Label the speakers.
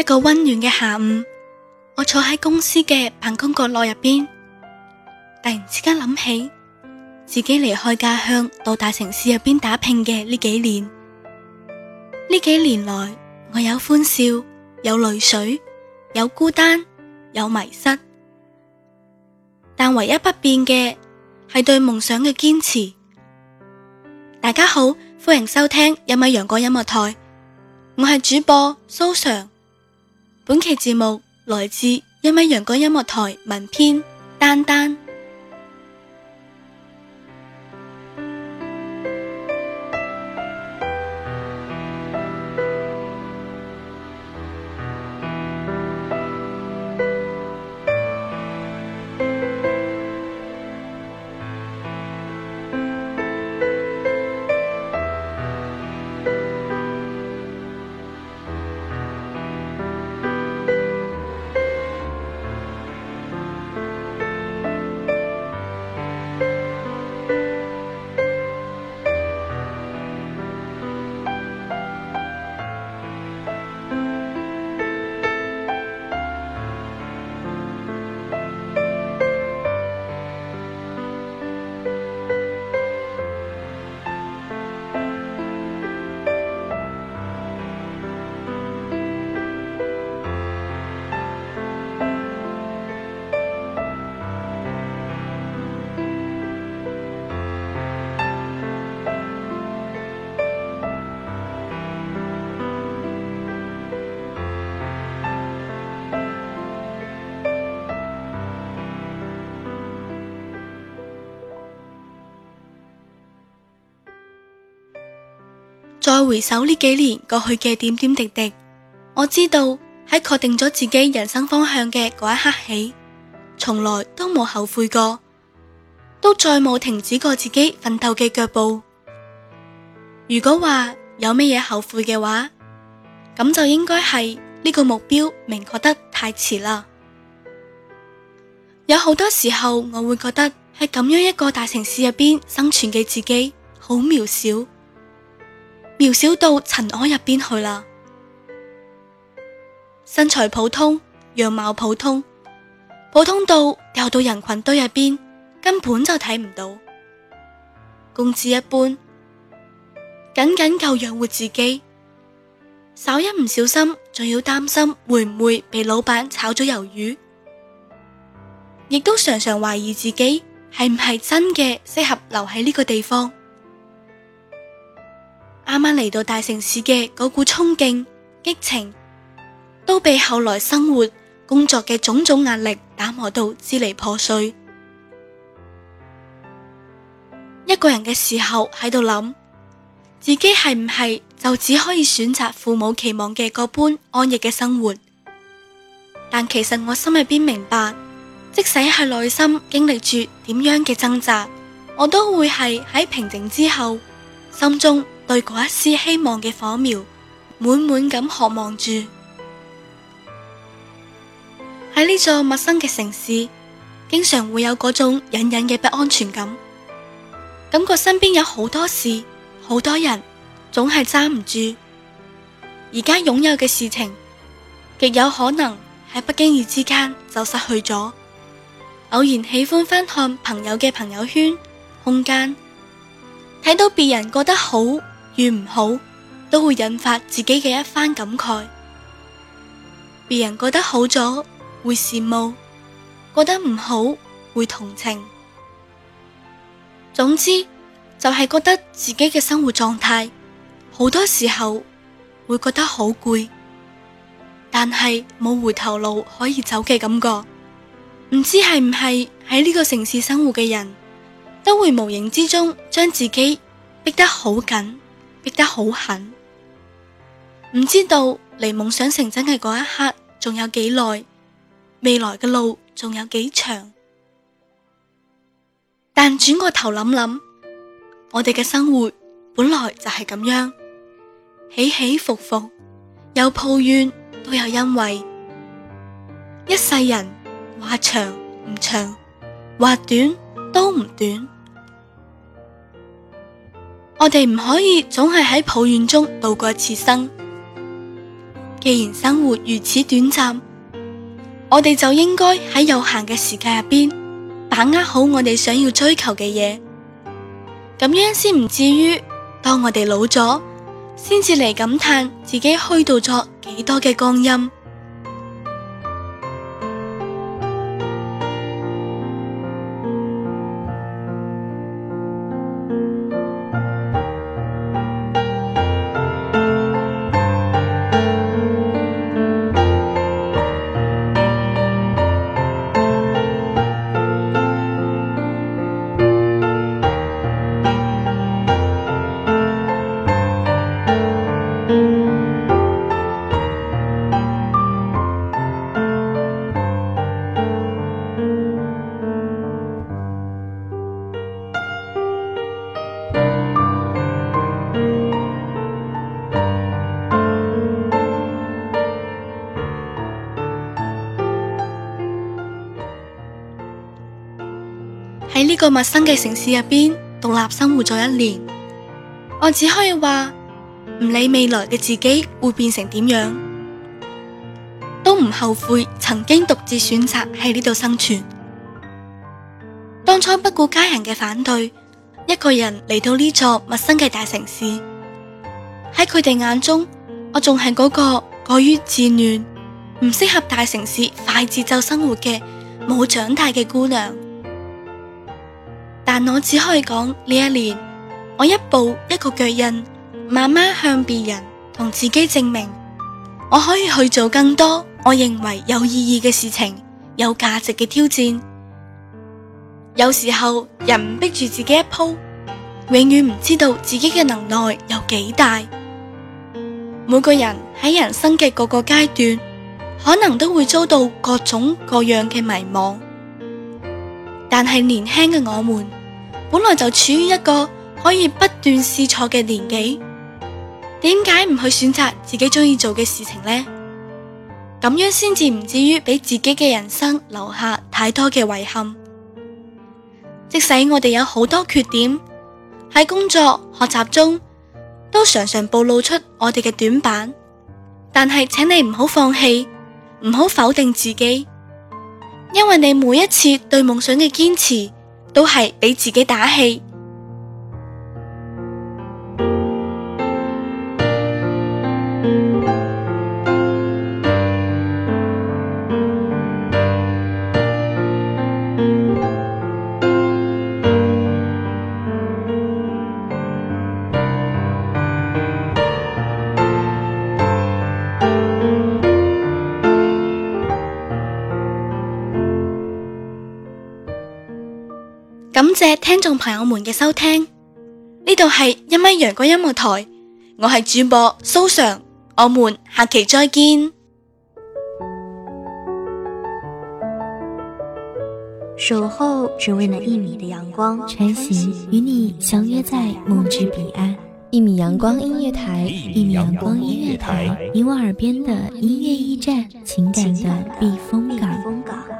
Speaker 1: 一個温暖嘅下午，我坐喺公司嘅辦公角落入邊，突然之間諗起自己離開家鄉到大城市入邊打拼嘅呢幾年。呢幾年來，我有歡笑，有淚水，有孤單，有迷失，但唯一不變嘅係對夢想嘅堅持。大家好，歡迎收聽《一米陽光音樂台》，我係主播蘇常。本期節目來自一米陽光音樂台文編丹丹。再回首呢幾年過去嘅點點滴滴，我知道喺確定咗自己人生方向嘅嗰一刻起，從來都冇後悔過，都再冇停止過自己奮鬥嘅腳步。如果話有乜嘢後悔嘅話，咁就應該係呢個目標明確得太遲啦。有好多時候我會覺得喺咁樣一個大城市入邊生存嘅自己好渺小。渺小到塵埃入邊去啦，身材普通，樣貌普通，普通到掉到人群堆入邊根本就睇唔到，工資一般，僅僅夠養活自己，稍一唔小心仲要擔心會唔會被老闆炒咗魷魚，亦都常常懷疑自己係唔係真嘅適合留喺呢個地方。啱啱嚟到大城市嘅嗰股衝勁、激情，都被後來生活、工作嘅種種壓力打磨到支離破碎。一個人嘅時候喺度諗，自己係唔係就只可以選擇父母期望嘅嗰般安逸嘅生活？但其實我心入邊明白，即使係內心經歷住點樣嘅掙扎，我都會係喺平靜之後，心中。對嗰一絲希望嘅火苗，滿滿咁渴望住。喺呢座陌生嘅城市，經常會有嗰種隱隱嘅不安全感，感覺身邊有好多事、好多人，總係揸唔住。而家擁有嘅事情，極有可能喺不經意之間就失去咗。偶然喜歡翻看朋友嘅朋友圈、空間，睇到別人過得好。越唔好都會引發自己嘅一番感慨，別人覺得好咗會羨慕，覺得唔好會同情。總之就係、是、覺得自己嘅生活狀態，好多時候會覺得好攰，但係冇回頭路可以走嘅感覺。唔知係唔係喺呢個城市生活嘅人都會無形之中將自己逼得好緊。逼得好狠，唔知道離夢想成真嘅嗰一刻仲有幾耐，未來嘅路仲有幾長。但轉過頭諗諗，我哋嘅生活本來就係咁樣，起起伏伏，有抱怨都有欣慰。一世人話長唔長，話短都唔短。我哋唔可以總係喺抱怨中度過此生，既然生活如此短暫，我哋就應該喺有限嘅時間入邊，把握好我哋想要追求嘅嘢，咁樣先唔至於當我哋老咗，先至嚟感嘆自己虛度咗幾多嘅光陰。呢個陌生嘅城市入邊獨立生活咗一年，我只可以話唔理未來嘅自己會變成點樣，都唔後悔曾經獨自選擇喺呢度生存。當初不顧家人嘅反對，一個人嚟到呢座陌生嘅大城市，喺佢哋眼中，我仲係嗰個過於自戀、唔適合大城市快節奏生活嘅冇長大嘅姑娘。但我只可以講呢一年，我一步一個腳印，慢慢向別人同自己證明，我可以去做更多我認為有意義嘅事情，有價值嘅挑戰。有時候人唔逼住自己一鋪，永遠唔知道自己嘅能耐有幾大。每個人喺人生嘅各個階段，可能都會遭到各種各樣嘅迷茫。但係年輕嘅我們本來就處於一個可以不斷試錯嘅年紀，點解唔去選擇自己中意做嘅事情呢？咁樣先至唔至於俾自己嘅人生留下太多嘅遺憾。即使我哋有好多缺點，喺工作學習中都常常暴露出我哋嘅短板，但係請你唔好放棄，唔好否定自己。因為你每一次對夢想嘅堅持，都係畀自己打氣。感謝聽眾朋友們嘅收聽，呢度係一米陽光音樂台，我係主播蘇常，我們下期再見。守候只為那一米的陽光，晨曦，與你相約在夢之彼岸。一米陽光音樂台，一米陽光音樂台，你我耳邊的音樂驛站，情感的避風港。